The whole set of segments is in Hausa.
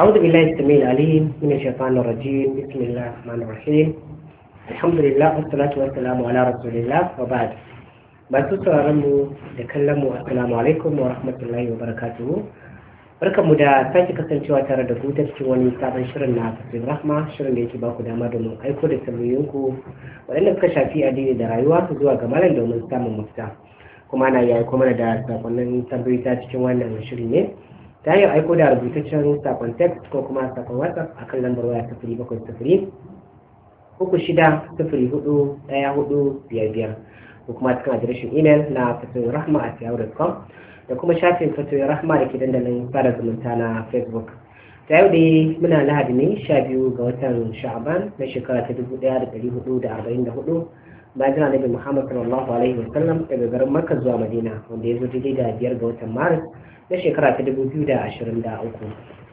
أعوذ بالله السميع العليم من الشيطان الرجيم بسم الله الرحمن الرحيم الحمد لله والصلاة والسلام على رسول الله وبعد بعد mu da تكلموا السلام عليكم ورحمة الله وبركاته wa mu da sake kasancewa tare da ku cikin wani sabon shirin na fasir rahma shirin da yake ba ku dama domin aiko da tambayoyinku waɗanda suka shafi addini da rayuwa su zuwa ga malam domin samun mafita kuma na yi aiko mana da sakonnin tambayoyi ta cikin wannan shirin ne ta hanyar aiko da rubutaccen sakon text ko kuma sakon whatsapp a kan lambar waya sifiri bakwai sifiri uku shida sifiri hudu daya hudu biyar biyar ko kuma cikin adireshin email na fatoyin rahma a siyawar.com da kuma shafin fatoyin rahma da ke dandalin fara zumunta na facebook ta yau dai muna lahadi ne sha biyu ga watan sha'aban na shekara ta dubu daya da dari hudu da arba'in da hudu bayan jira nabi muhammad sallallahu alaihi wa Sallam, daga garin makka zuwa madina wanda ya zo daidai da biyar ga watan maris na shekara ta dubu da 2023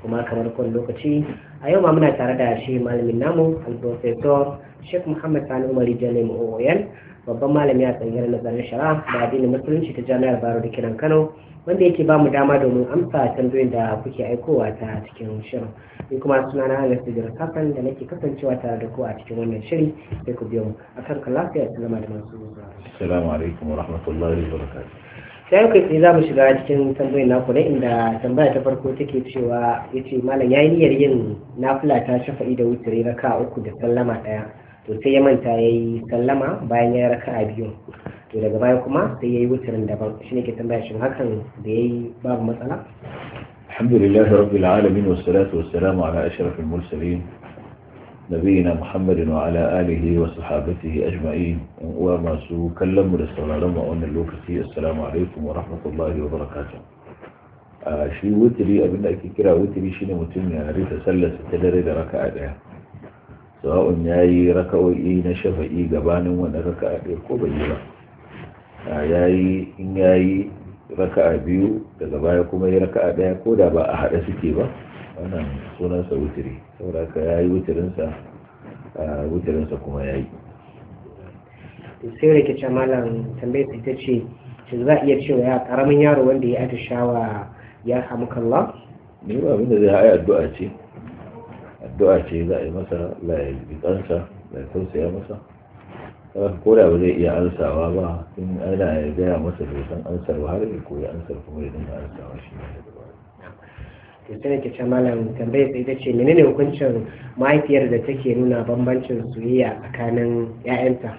kuma kamar kowane lokaci a yau ma muna tare da shi malamin namu al-professor Sheikh Muhammad Sani Umar mu Oyan babban malami a tsangiyar nazarin shara da addinin musulunci ta jami'ar Baro da Kiran Kano wanda yake ba mu dama domin amsa tambayoyin da kuke aikowa ta cikin shirin ni kuma suna na jira Jirkasan da nake kasancewa tare da ku a cikin wannan shiri sai ku biyo mu kan kallon su zama da masu zuwa. Assalamu alaikum wa rahmatullahi wa barakatuh. sai kai sai za mu shiga cikin tambayar naku na inda tambaya ta farko take cewa ya ce malam ya yi niyyar yin nafila ta shafa'i da wutare raka uku da sallama ɗaya to sai ya manta ya yi sallama bayan ya raka a biyu to daga baya kuma sai ya yi wutarin daban shi ne ke tambaya shin hakan da ya yi babu matsala alhamdulillahi rabbil alamin wassalatu wassalamu ala ashrafil mursalin نبينا محمد وعلى آله وصحابته أجمعين وما سو كلم رسول الله وأن اللوكسي السلام عليكم ورحمة الله وبركاته shi wutiri abinda ake kira wutiri shine mutum ya rufe sallarsa ta dare da raka'a daya sawa'un ya yi raka'o'i na shafa'i gabanin wani raka'a daya ko bai yi ba ya yi in ya raka'a biyu daga baya kuma ya raka'a daya ko da ba a haɗa suke ba wannan sunansa wutiri saboda ka ya yi wutirinsa wutirinsa kuma ya yi sai da kice malam tambayar ita ce shi za a iya cewa ya karamin yaro wanda ya atishawa ya samu kallon ne ba abin da zai haɗa addu'a ce addu'a ce za a yi masa la ya kansa masa ko da ba zai iya ansawa ba in ana gaya masa bai ansar ba har ya koyi ansar kuma ya dinga ansawa shi ne to sai ke ce malam tambayar ita ce menene hukuncin mahaifiyar da take nuna bambancin soyayya tsakanin ƴaƴanta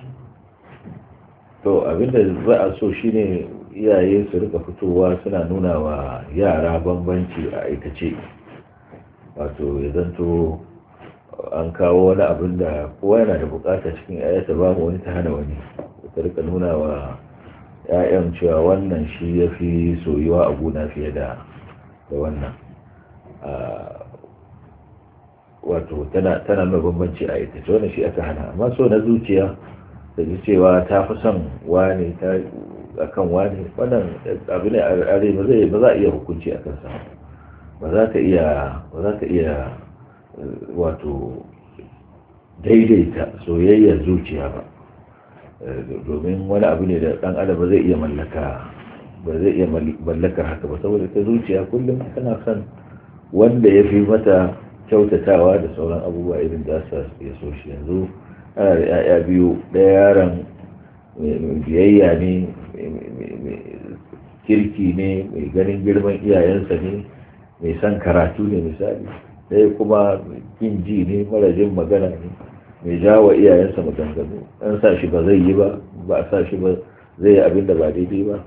to abin da za a so shine iyaye su rika fitowa suna nuna wa yara bambanci a aikace wato ya zanto an kawo wani abin da kowa yana da bukata cikin ba mu wani ta hana wani ta rika nuna wa ƴaƴan cewa wannan shi ya fi soyuwa a gona fiye da wannan wato tana tana bambanci a ita ce wani shi aka hana amma so na zuciya da ji cewa ta fi son wani ta akan wani, wannan abu ne a ba ba za iya hukunci a kansa, ba za ka iya ba za ka iya wato daidaita soyayyar zuciya ba domin wani abu ne da dan adam ba zai iya mallaka ba zai iya mallakar haka ba saboda ta zuciya kullum tana son wanda ya fi mata kyautatawa da sauran abubuwa irin da su ya so shi yanzu ana da 'ya'ya biyu ɗaya yaron biyayya ne kirki ne mai ganin girman iyayensa ne mai son karatu ne misali ɗaya kuma kin ji ne mara jin magana ne mai jawo iyayensa maganganu an sa shi ba zai yi ba ba a sa shi ba zai yi abin da ba daidai ba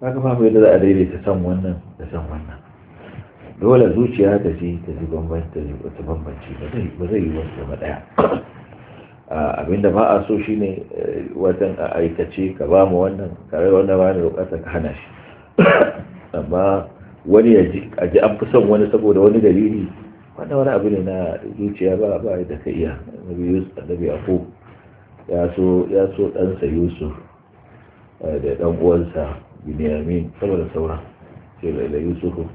haka ba da za a daidaita san wannan da san wannan dole zuciya ta ce ta ji bambanci ba zai yi wasu zama ɗaya abinda ba a so shi ne eh, wajen a aikace ka ba mu wannan kare wannan ba ne bukata ka hana shi amma wani ya ji a ji an fi son wani saboda wani dalili wannan wani abu ne na zuciya ba ba da ka iya na biyu annabi ako ya so ya so ɗansa yusuf eh, da ɗan uwansa biniyamin saboda sauran sai da yusufu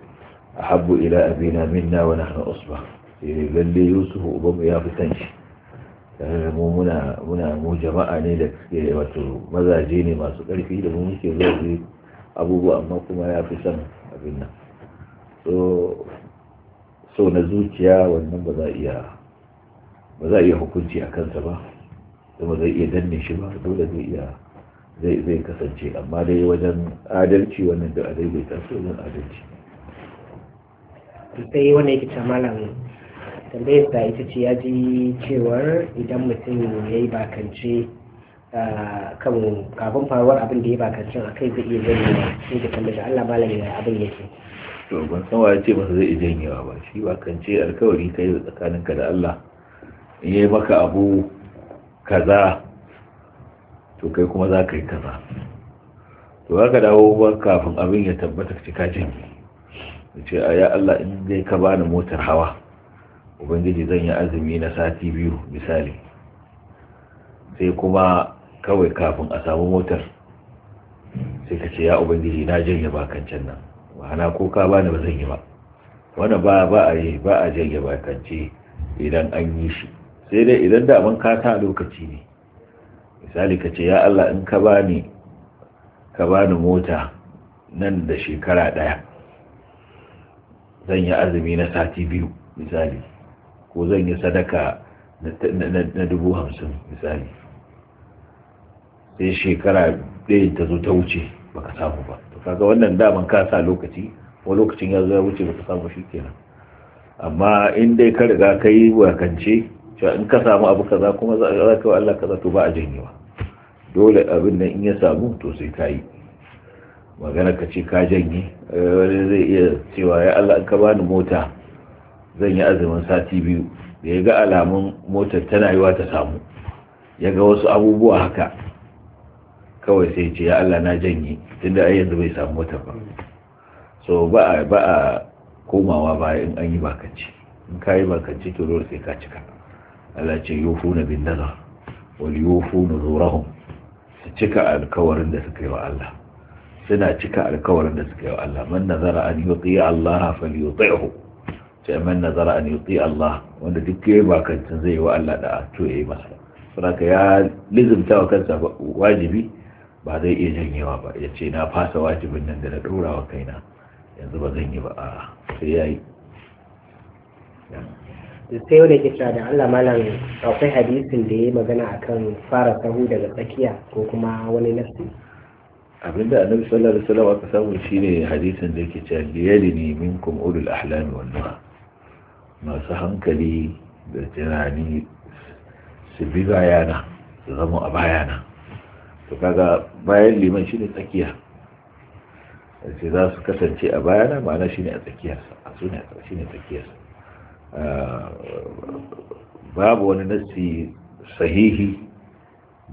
ahabbu ila abina minna wa nahnu usba eh lalle yusuf ubanmu ya san shi tare da mu muna muna mu jama'a ne da suke wato mazaje ne masu karfi da mu muke zuwa abubuwa amma kuma ya fi san abin nan so so na zuciya wannan ba za iya ba za iya hukunci a kansa ba kuma zai iya danne shi ba dole zai iya zai kasance amma dai wajen adalci wannan da adalci so adalci sai wanda yake cewa malam tambayar da ita ce ya ji cewar idan mutum ya yi bakance kan kafin faruwar abin da ya bakancin a kai zai iya janyewa sai da kan da Allah malam ya abin yake to ban san ya ce masa zai iya janyewa ba shi bakance alkawari kai tsakaninka da Allah in yi maka abu kaza to kai kuma za ka yi kaza to haka dawo ba kafin abin ya tabbata cika janye ce a ya Allah in dai ka bani motar hawa ubangiji zan yi azumi na sati biyu misali sai kuma kawai kafin a samu motar sai ka ce ya ubangiji na janye bakancan nan ma'ana ko ka bani ba zan yi ba wani ba ba a yi ba a janye bakance idan an yi shi sai dai idan da abin kata lokaci ne misali ka ce ya Allah in ka bani ka bani mota nan da shekara ɗaya zan yi azumi na sati biyu misali ko zan yi sadaka na dubu hamsin misali sai shekara ɗaya ta zo ta wuce baka samu ba to kaga wannan daman ka sa lokaci ko lokacin ya zo ya wuce baka samu shi kenan amma in dai ka riga ka yi wakance cewa in ka samu abu kaza kuma za ka wa Allah kaza to ba a janyewa dole abin nan in ya samu to sai ka yi magana ka ce ka janye eh, wani zai iya cewa ya Allah ka bani mota zan yi azumin sati biyu da ya ga alamun motar tana yiwa ta samu ya ga wasu abubuwa haka kawai sai ce ya Allah na janye tun da yanzu bai samu mota ba so ba a ba a komawa ba in an yi bakanci in ka yi bakanci to dole sai ka cika Allah ce na bin nazar wal na zurahum su cika alkawarin da suka yi wa Allah suna cika alkawarin da suka yi Allah man nazara an yuti Allah falyuti'hu sai man nazara an yuti Allah wanda duk yayi bakancin zai yi wa Allah da to yayi masa saboda ya lizumta wa kansa wajibi ba zai iya janyewa ba ya ce na fasa wajibin nan da na dora wa kaina yanzu ba zan yi ba a sai yayi sai wanda ke cewa da Allah malam akwai hadisin da ya yi magana akan fara sahu daga tsakiya ko kuma wani nasi abinda annabi sallallahu alaihi wasallam aka samu shine hadisin da yake cewa liyalini minkum ulul ahlam wan nuha masu hankali da tunani su bi bayana su zama a bayana to kaga bayan liman shine tsakiya sai za su kasance a bayana ma'ana shine a a shine tsakiyarsa ah, babu wani nasi sahihi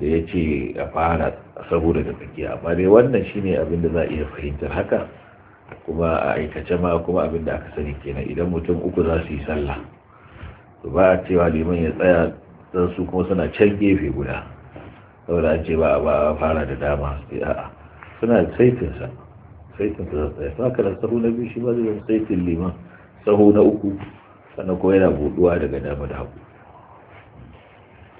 da ya ce a fara saboda da tsakiya amma dai wannan shine abin da za a iya fahimtar haka kuma a aikace ma kuma abin da aka sani kenan idan mutum uku za su yi sallah to ba a cewa liman ya tsaya don su kuma suna can gefe guda saboda an ce ba a fara da dama sai a'a suna saitinsa saitinsa za su tsaya su haka da sahu na biyu shi ba zai saitin liman sahu na uku sannan kuma yana buɗuwa daga dama da hagu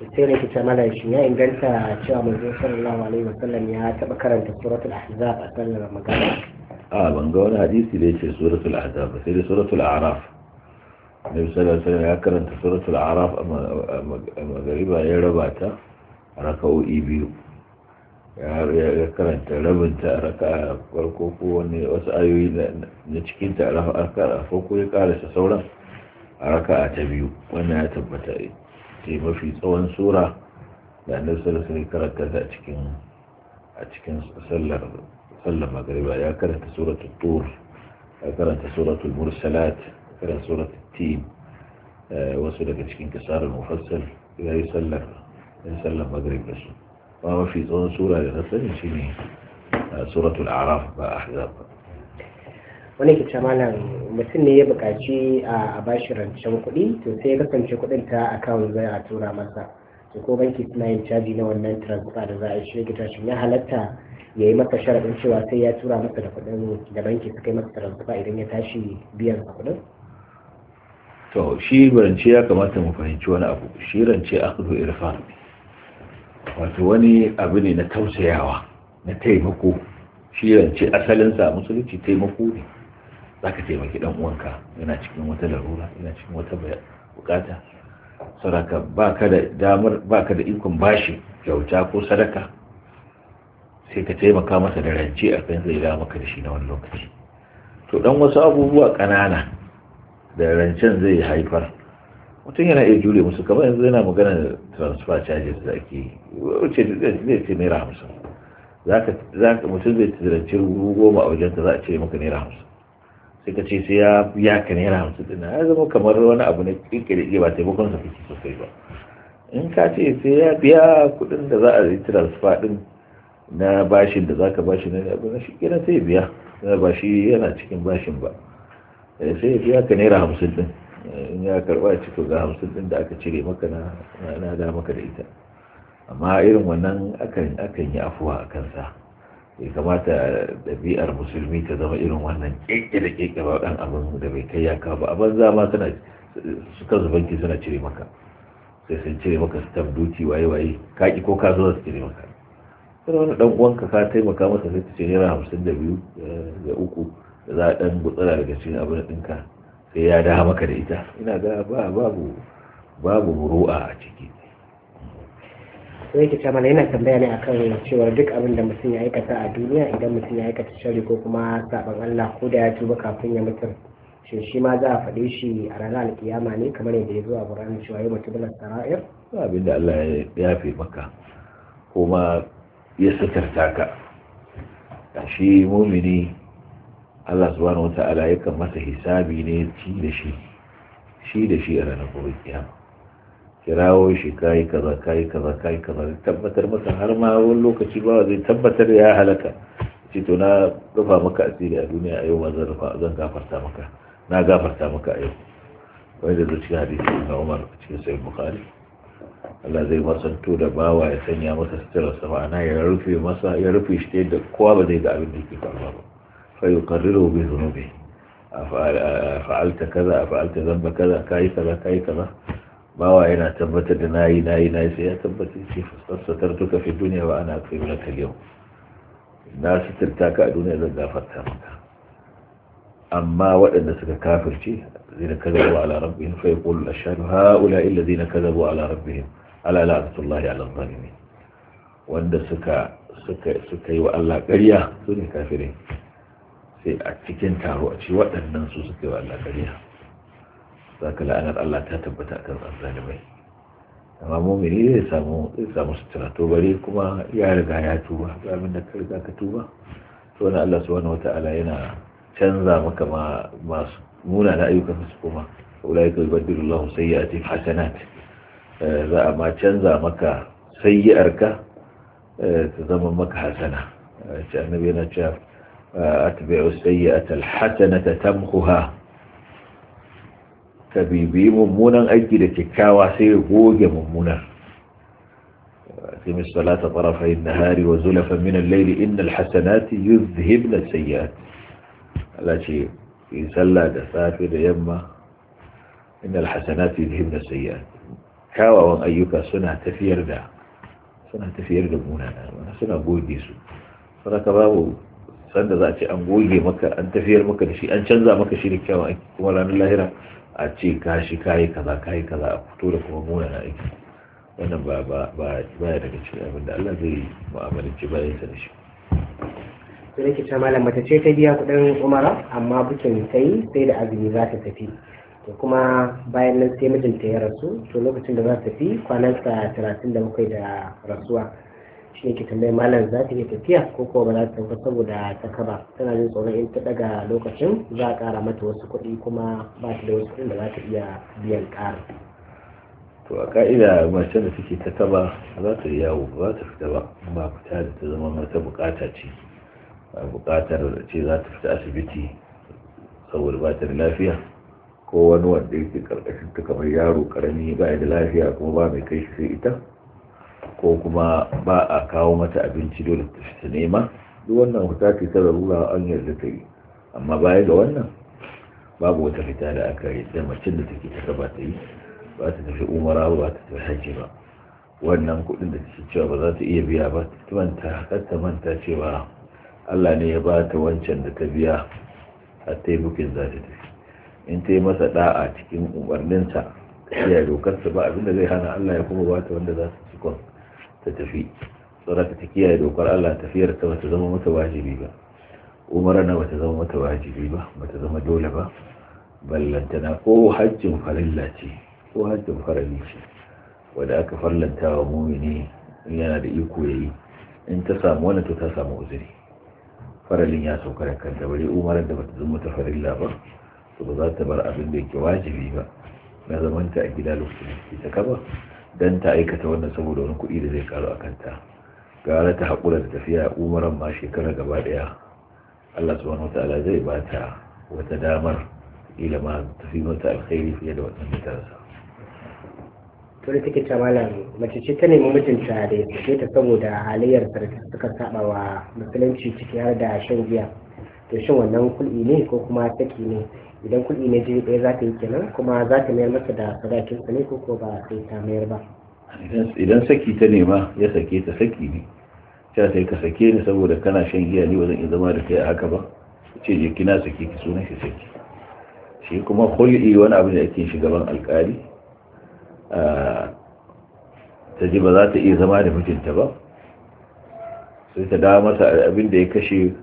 sai ne kita mala shi ya inganta cewa manzo sallallahu alaihi wasallam ya taba karanta suratul ahzab a sallar magana a ban ga wani hadisi da yake suratul ahzab sai dai suratul a'raf nabi sallallahu alaihi ya karanta suratul a'raf a magariba ya raba ta raka'o'i biyu ya karanta rabinta raka farko ko wani wasu ayoyi na cikin ta raka farko ya karanta sauran a raka ta biyu wannan ya tabbata ke mafi tsawon sura da annabi sallallahu ne karanta ta cikin a cikin sallar sallar magriba ya karanta suratul tur ya karanta suratul mursalat ya karanta suratul tin wasu daga cikin kisar mufassal ya yi sallar ya sallar magrib da su ba mafi tsawon sura da na sani ne suratul araf ba ahzab wani ke malam mutum ne ya buƙaci a bashi rancen kuɗi to sai ya kasance kuɗin ta akawun zai a tura masa to ko banki suna yin caji na wannan transfer da za a shi ya tashin ya halatta ya yi masa sharaɗin cewa sai ya tura masa da kuɗin da banki suka yi masa transfer idan ya tashi biyan sa kuɗin to shi rance ya kamata mu fahimci wani abu shi rance akhdhu irfan wato wani abu ne na tausayawa na taimako shi rance asalinsa musulunci taimako ne za ka taimaki dan uwanka yana cikin wata larura yana cikin wata bukata sadaka ba ka da damar ba ka da ikon bashi kyauta ko sadaka sai ka taimaka masa da rance a kan zai da maka da shi na wani lokaci to dan wasu abubuwa kanana da rancen zai haifar mutum yana iya jure musu kamar yanzu yana magana da transfer charges da ake wuce zai ce naira hamsin mutum zai tsiranci rubu goma a wajen ka za a ce maka naira hamsin sai ce sai ya biya ka naira hamsin ɗin ya zama kamar wani abu na ƙirƙiri ba taimakon sa kake sosai ba in ka ce sai ya biya kuɗin da za a yi transfer ɗin na bashin da za ka bashi na abu na shi kira sai biya ba shi yana cikin bashin ba eh, sai ya biya ka naira hamsin ɗin eh, in ya karba cikin ga hamsin ɗin da aka cire maka na na da maka da ita amma irin wannan akan yi afuwa a kansa ya kamata ɗabi'ar musulmi ta zama irin wannan keke da keke ba ɗan abin da bai kai ya ba a banza ma suna suka zubanki suna cire maka sai sun cire maka stamp duty waye waye kaki ko ka zo su cire maka sai wani dan uwanka ka taimaka masa sai ta ce naira hamsin da biyu eh, da uku da za a ɗan gutsara daga cikin abin ɗinka sai ya dawo maka da ita ina ga ba babu babu ru'a a ciki sai ke cewa yana tambaya ne akan cewa duk abin da mutum ya aikata a duniya idan mutum ya aikata shari ko kuma saban Allah ko da ya tuba kafin ya mutu shi shi ma za a faɗe shi a ranar alkiyama ne kamar yadda ya zo a Qur'ani cewa ya mutu na sara'ir abin da Allah ya yafe maka kuma ya sutarta ka shi mumini Allah subhanahu wata'ala yakan masa hisabi ne ci da shi shi da shi a ranar kiyama kirawo shi kayi kaza kayi kaza kayi kaza tabbatar masa har ma wani lokaci ba zai tabbatar ya halaka ce to na rufa maka asiri a duniya a yau ma zan rufa zan gafarta maka na gafarta maka a yau wai da zuciya hadisi na Umar cikin sai Bukhari Allah zai masanto da bawa ya sanya masa sitira sama ana ya rufe masa ya rufe shi ta yadda kowa ba zai ga abin da yake faruwa ba fa yuqarriru bi dhunubi fa'alta kaza fa'alta zamba kaza kai kaza kai kaza bawa yana tabbatar da nayi nayi nayi sai ya tabbatar shi fasatar tuka fi duniya wa ana kai wani kaliyau na sitirta ka a duniya zan gafarta maka amma waɗanda suka kafirce zina kazabu ala rabbihim fa yaqulu ashhadu haula illa zina kazabu ala rabbihim ala la'natullahi ala zalimin wanda suka suka suka yi wa Allah ƙarya su ne kafirai sai a cikin taro a ce waɗannan su suka yi wa Allah ƙarya za ka la'anar Allah ta tabbata a kan zalimai amma mumini zai samu zai samu sutura to kuma ya riga ya tuba ga abin da ka riga ka tuba to wani Allah subhanahu wata'ala yana canza maka ma masu muna na ayyukan su kuma ulai ka yubaddilu Allahu sayyi'ati hasanat eh, za a ma canza maka sayyi'arka eh, ta zama maka hasana eh, ce annabi yana cewa atbi'u sayyi'ata alhasanata tamhuha ka bibiyi mummunan aiki da kyakkyawa sai ya goge mummunan أقم الصلاة طرفي النهار وزلفا من الليل إن الحسنات يذهبن السيئات لا شيء يسلى دسافر يما إن الحسنات يذهبن السيئات كاوا وان أيوكا سنة تفير دا سنة تفير دا منانا سنة بوي ديسو سنة كبابو سنة ذاتي أن بوي مكة أن تفير مكة شيء أن شنزا مكة شيء لكاوا ولا من الله a ce ka shi kayi kaza kayi kaza a fito da kuma muna na aiki wannan ba ba ba ya daga cikin abin da Allah zai mu'amalanci bayan sa da shi to nake ta malam mata ce ta biya kudin umara amma bukin ta sai da azumi za ta tafi to kuma bayan nan sai mijinta ya rasu to lokacin da za ta tafi kwanansa talatin da bakwai da rasuwa shi ne ke tambayi malam za ta iya tafiya ko kuma ba za ta tafi saboda ta kaba tana jin tsoron in ta daga lokacin za a kara mata wasu kuɗi kuma ba ta da wasu kuɗin da za ta iya biyan ƙara. to a ka'ida mace da take ta kaba za ta yawo ba ta fita ba ba fita da ta zama mata bukata ce ba bukatar ce za ta fita asibiti saboda ba ta da lafiya ko wani wanda yake karkashin ta kamar yaro karami ba da lafiya kuma ba mai kai shi sai ita ko kuma ba a kawo mata abinci dole ta fita nema duk wannan wata ce ta larura an yarda ta yi amma baya ga wannan babu wata fita da aka yi da macin da take ta gaba ta yi ba ta tafi umara ba ta tafi hajji ba wannan kuɗin da ta cewa ba za ta iya biya ba ta manta ta manta cewa Allah ne ya ba ta wancan da ta biya a ta za ta tafi in ta yi masa da'a cikin umarninsa ta iya dokarsa ba abinda zai hana Allah ya kuma bata wanda za ta ci kwan ta tafi tsoraka ta kiyaye dokar Allah tafiyar ta bata zama mata wajibi ba umara na bata zama mata wajibi ba bata zama dole ba ballantana ko hajjin farilla ce ko hajjin farali ce wanda aka farlanta wa mumini yana da iko yayi in ta samu wani to ta samu uzuri faralin ya sauka da kanta bari umar da bata zama mata farilla ba to ba za ta bar abin da yake wajibi ba na zamanta a gida lokacin da ke ta kaba don ta aikata wannan saboda wani kuɗi da zai karo a kanta gara ta haƙura da tafiya umaran ma shekara gaba ɗaya allah subhanahu wa ta'ala zai ba ta wata damar ila ma tafi mata alkhairi fiye da wannan mutarsa to da take malam mace ce ta nemi mutunta da ya fice ta saboda halayyar da suka saba wa musulunci ciki har da shan giya to shin wannan kul'i ne ko kuma saki ne idan kuɗi na jiri ɗaya za ta yi kenan kuma za ta mayar masa da sadakin sa ne ko ko ba sai ta mayar ba idan saki ta nema ya sake ta saki ne ta sai ka sake ni saboda kana shan giya ni ba zan iya zama da kai a haka ba ce je kina sake ki sunan shi saki shi kuma hulɗi wani abu da ake shugaban alƙali ta ji ba za ta iya zama da mijinta ba sai ta dawo masa abin da ya kashe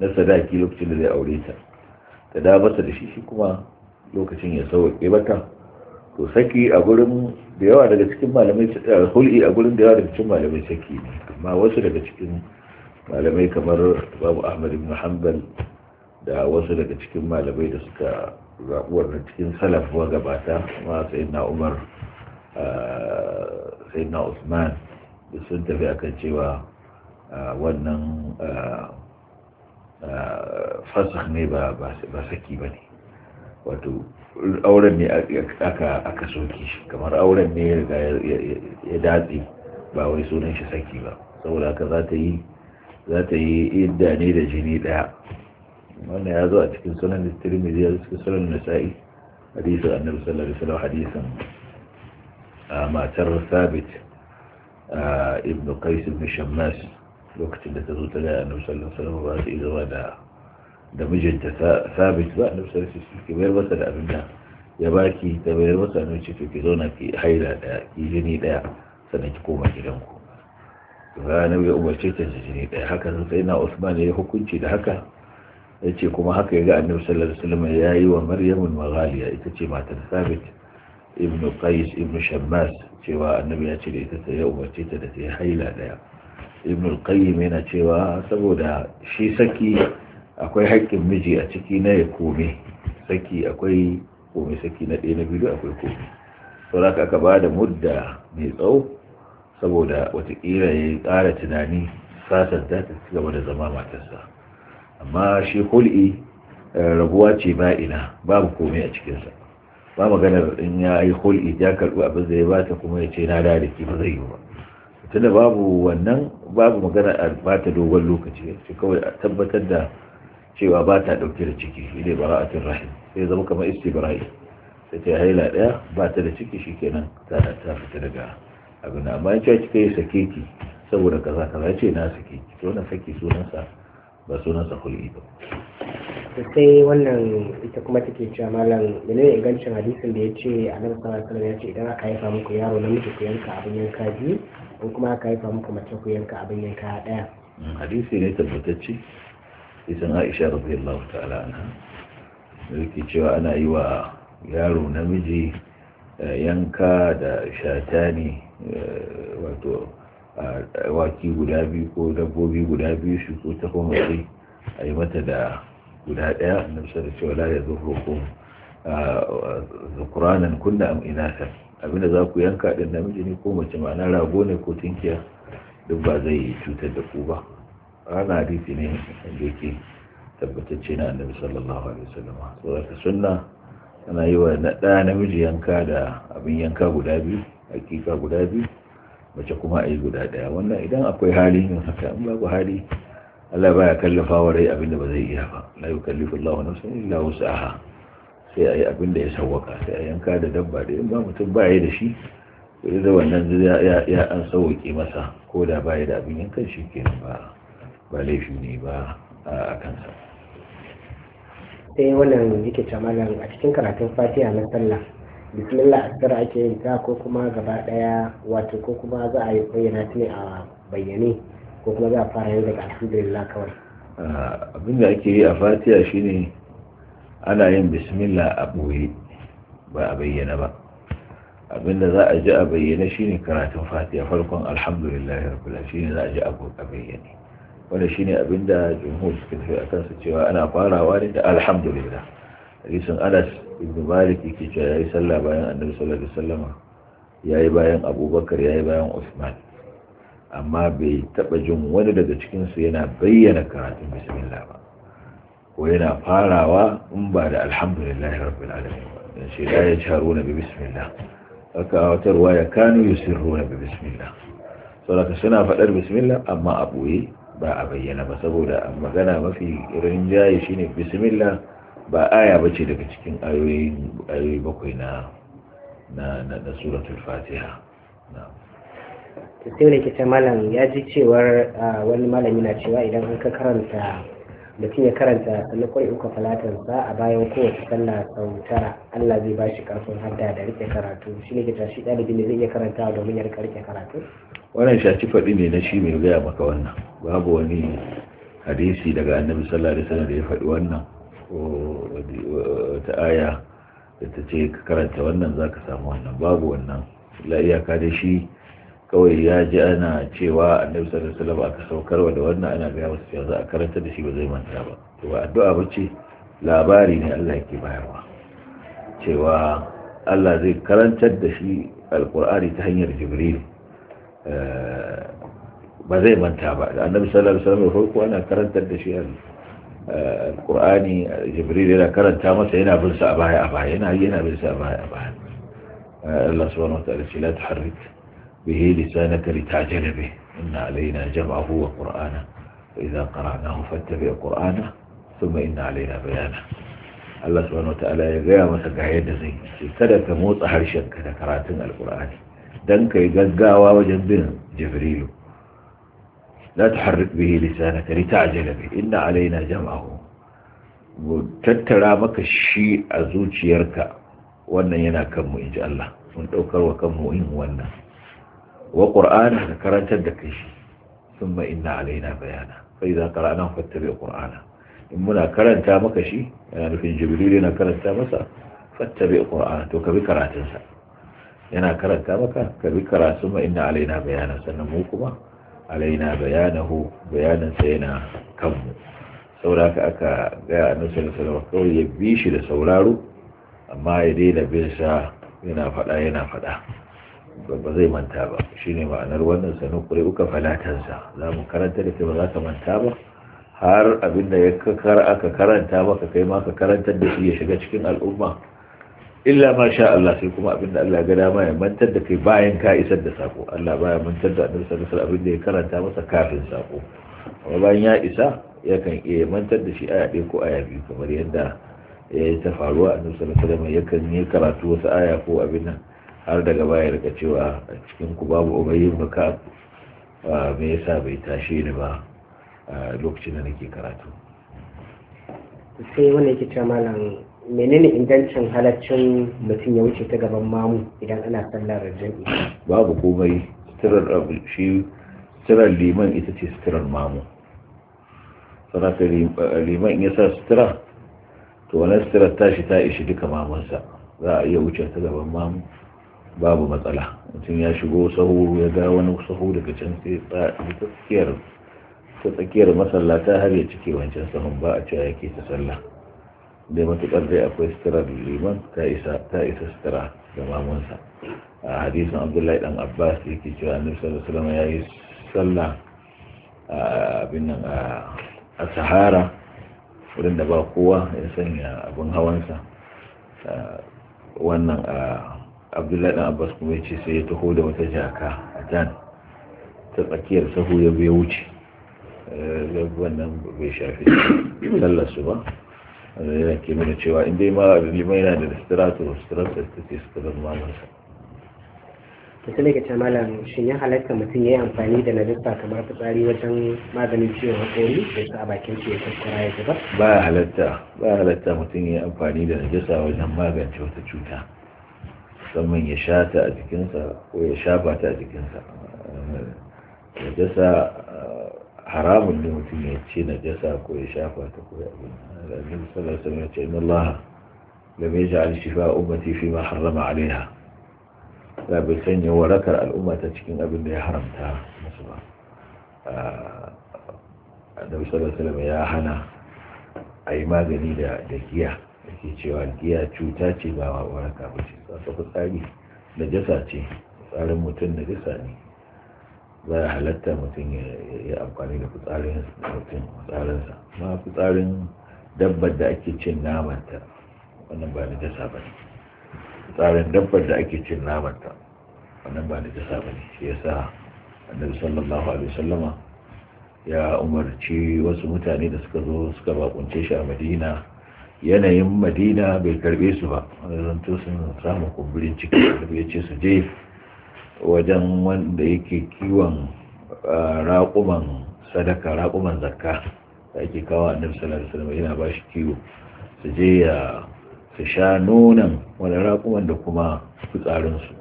na sadaki lokacin da zai aure ta ta da da shi shi kuma lokacin ya sauƙe mata to saki a gurin da yawa daga cikin malamai eh, hul'i a gurin da yawa daga cikin malamai saki ne amma wasu daga cikin malamai kamar babu ahmad ibn hanbal da wasu daga cikin malamai da suka zaɓuwar na cikin salaf wa gabata ma na umar eh, na usman da sun tafi akan cewa eh, wannan fasakh ne ba ba saki bane wato auren ne aka aka soke shi kamar auren ne ya datse ba wai sunan shi saki ba saboda haka za ta yi za idda ne da jini daya wannan ya zo a cikin sunan da ya cikin sunan nasa'i hadisin annabi sallallahu alaihi wasallam hadisin ah, matar sabit ah, ibn qais ibn shammas lokacin da ta zo ta gaya annabi sallallahu alaihi ba su iya zama da mijinta sabit ba annabi sallallahu alaihi ke bayar masa da abin da ya baki ta bayar masa annabi ce to ki zauna ki haila daya ki jini daya sannan ki koma gidanku to ga annabi ya umarce ta jini daya haka sai na Usman ya hukunci da haka ya ce kuma haka ya ga annabi sallallahu alaihi wasallam ya yi wa maryamun maghaliya ita ce matar sabit ibnu qais ibnu shammas cewa annabi ya ce da ita ta ya umarce ta da ta haila daya ibn al-qayyim yana cewa saboda shi saki akwai haƙƙin miji a ciki na ya kome saki akwai kome saki na ɗaya na biyu akwai kome saboda aka ba da mudda mai tsawo saboda watakila ya ƙara tunani sasar da ta ci gaba da zama matarsa amma shi hul'i eh, rabuwa ce ba ina babu kome a cikinsa ba maganar in ya yi hul'i ya karɓi abin da ya bata kuma ya ce na dare ki ba zai yi ba tunda babu wannan babu magana a bata dogon lokaci sai kawai a tabbatar da cewa ba ta dauke da ciki shi ne bara'atun rahim sai zama kamar istibra'i sai ta haila daya ba ta da ciki shi ta ta fita daga abin da amma ya kika yi sake ki saboda kaza kaza ce na sake ki to na sake sunansa ba sunansa kulli ba sai wannan ita kuma take cewa malam ne ingancin hadisin da ya ce a nan alaihi wasallam ya ce idan aka haifa muku yaro namiji ku yanka abin yanka biyu ko kuma aka haifa muku mace ku yanka abin yanka daya hadisi ne tabbatacce isan Aisha radiyallahu ta'ala anha yake cewa ana yi wa yaro namiji eh, yanka da shata ne. Eh, wato waki guda biyu ko dabbobi guda biyu shi ko ta kuma a yi mata da guda ɗaya annabi sallallahu alaihi wasallam ya zurrukum zukuranan ah, kunna am inasa abinda za ku yanka din namiji ne ko mace ma'ana rago ne ko tinkiya duk ba zai cutar da ku ba ana hadisi ne da yake tabbatacce na annabi sallallahu alaihi wasallam saboda sunna ana yi wa na ɗaya namiji yanka da abin yanka guda biyu hakika guda biyu mace kuma a guda ɗaya wannan idan akwai hali yin haka in babu hali Allah baya kallafa wa rai abinda ba zai iya ba la yukallifu Allah nafsan illa wus'aha sai ayi abinda ya sawwaka sai a yanka da dabba da in ba mutum ba da shi sai da wannan ya an sauke masa ko da ba da abin yankan shi kenan ba ba laifi ne ba a kansa sai wannan yake ta malam a cikin karatun fatiha na sallah bismillah asar ake yin ta ko kuma gaba daya wato ko kuma za a yi bayyana ta ne a bayyane ko kuma za a fara yi daga alhamdulillah kawai abin da ake yi a fatiha shine ana yin bismillah a ɓoye ba a bayyana ba abin da za a ji a bayyane shine karatun fatiya farkon alhamdulillah rabbil shine za a ji a bayyane wanda shine abin da jumhur suka tafi a kansa cewa ana farawa ne da alhamdulillah hadisin anas ibn malik yake cewa ya yi sallah bayan annabi sallallahu alaihi wasallam yi bayan abubakar ya yi bayan usman amma bai taɓa jin wani daga cikinsu yana bayyana karatun bismillah ba ko yana farawa in ba da alhamdulillah rabbil alamin dan shi la yajharuna bi bismillah haka wata ruwaya kanu yusirruna bi bismillah saboda suna faɗar bismillah amma a boye ba a bayyana ba saboda magana mafi rinjaye shine bismillah ba aya ba ce daga cikin ayoyi ayoyi bakwai na na na suratul fatiha na'am to ke ta kita malam ya ji cewar wani malami na cewa idan an ka karanta mutum ya karanta sannan kwai uku sa a bayan kowace sallah sau tara Allah zai ba shi karfin hadda da rike karatu shi ne kita shi ɗalibi ne zai iya karanta domin ya rike karatu wannan shaci faɗi ne na shi mai gaya maka wannan babu wani hadisi daga annabi sallallahu alaihi wasallam da ya faɗi wannan ta aya da ta ce ka karanta wannan zaka samu wannan babu wannan la iyaka da shi kawai ya ji ana cewa annabi sallallahu alaihi wasallam aka saukarwa da wannan ana ga wasu yanzu a karanta da shi ba zai manta ba to ba addu'a ba ce labari ne Allah yake bayarwa cewa Allah zai karantar da shi alqur'ani ta hanyar jibril eh, ba zai manta ba da annabi sallallahu alaihi wasallam farko ana karantar da shi eh, alqur'ani jibril yana karanta masa yana bin sa a baya a baya yana yana bin sa a baya a baya eh, Allah subhanahu wa ta'ala ce la tuharrik bihi lisanaka litajala bih inna alaina jam'ahu wa qur'ana wa idza qara'nahu fattabi' qur'ana thumma inna alaina bayana Allah subhanahu wataala ya gaya masa ga yadda zai ce kada ka motsa harshen ka da karatun alqur'ani dan kai gaggawa wajen bin jibrilu la tuharrik bihi lisanaka litajala bih inna alaina jam'ahu tattara maka shi a zuciyarka wannan yana kanmu in Allah mun ɗaukar wa kanmu yin wannan wa qur'ana da karantar da kai shi inna alaina bayana fa idza qara'na fattabi qur'ana in muna karanta maka shi yana nufin jibril yana karanta masa fattabi qur'ana to ka bi karatun sa yana karanta maka ka bi karatu ma inna alaina bayana sannan mu kuma alaina bayana bayanan sa yana kanmu saboda ka aka gaya a sallallahu alaihi wasallam kawai ya bi shi da sauraro amma ya daina bin sa yana faɗa yana faɗa ba zai manta ba shine ma'anar wannan sanu kure uka falatansa za mu karanta da ba za ka manta ba har abinda ya kakar aka karanta maka kai maka karantar da shi ya shiga cikin al'umma illa ma sha Allah sai kuma abinda Allah ga dama ya mantar da kai bayan ka isar da sako Allah baya mantar da annabi sallallahu alaihi abinda ya karanta masa kafin sako amma bayan ya isa yakan iya mantar da shi aya ɗaya ko aya biyu kamar yadda ya yi ta faruwa annabi sallallahu alaihi yakan yi karatu wasu aya ko abin nan har daga baya rika cewa a cikin ku babu ubayi ba ka ah, me yasa bai tashi ni ba lokacin da nake karatu sai wannan yake cewa malam menene ingancin halaccin mutum ya wuce ta gaban mamu idan ana sallar jami'i babu komai sitirar shi sitirar liman ita ce sitirar mamu sanata liman ya sa sitira to wannan sitirar tashi ta ishi duka mamansa za a iya wuce ta gaban mamu babu matsala mutum ya shigo sahu ya ga wani sahu daga can sai ta tsakiyar masallata har ya cike wancan sahun ba a cewa yake ta sallah dai matukar dai akwai sitirar liman ta isa sitira ga mamunsa a hadisin abdullahi dan abbas yake cewa annabi sallallahu alaihi wasallam ya yi sallah a abin nan a sahara wurin da ba kowa ya sanya abin hawansa wannan a abdullahi dan abbas kuma ya ce sai ya taho da wata jaka a jan ta tsakiyar sahu ya bai wuce eh, wannan bai shafi sallarsu ba eh, yana ke mana cewa inda yi mara da lima yana da respirator respirator ta ce suturar mamarsa ta sai ka malam shi ya halatta mutum ya yi amfani da najasa kamar fitsari wajen maganin ciwon hakori da su a bakin ce ya ya zuba ba halatta ba halatta mutum ya yi amfani da najasa wajen magance wata cuta musamman ya sha ta a jikinsa ko ya shafa ta a jikinsa najasa ah, haramun ne mutum ya ce najasa ko ya shafa ta ko ya abin annabi sallallahu alaihi wasallam ya ce na inna Allah lam yaj'al shifa ummati fi ma harrama alaiha da bai sanya warakar al'umma ta cikin abin da ya haramta masu ba ah, annabi sallallahu alaihi ya hana a yi magani da giya yake cewa giya cuta ce ba wa waraka ba ce saka tsari da jasa ce tsarin mutum da jasa ne za a halatta mutum ya yi amfani da fitsarin mutum tsarinsa. ma fitsarin dabbar da ake cin namanta wannan ba jasa ba ne tsarin dabbar da ake cin namanta wannan ba jasa ba ne shi sa annabi sallallahu alaihi wasallama ya umarci wasu mutane da suka zo suka bakunce shi a madina yanayin madina bai karbe su ba zanto sun samu kumburin ciki da ya ce su je wajen wanda yake kiwon raƙuman sadaka raƙuman zakka da ake kawo annabi sallallahu alaihi yana ba shi kiwo su je ya su sha nonon wani raƙuman da kuma fitsarinsu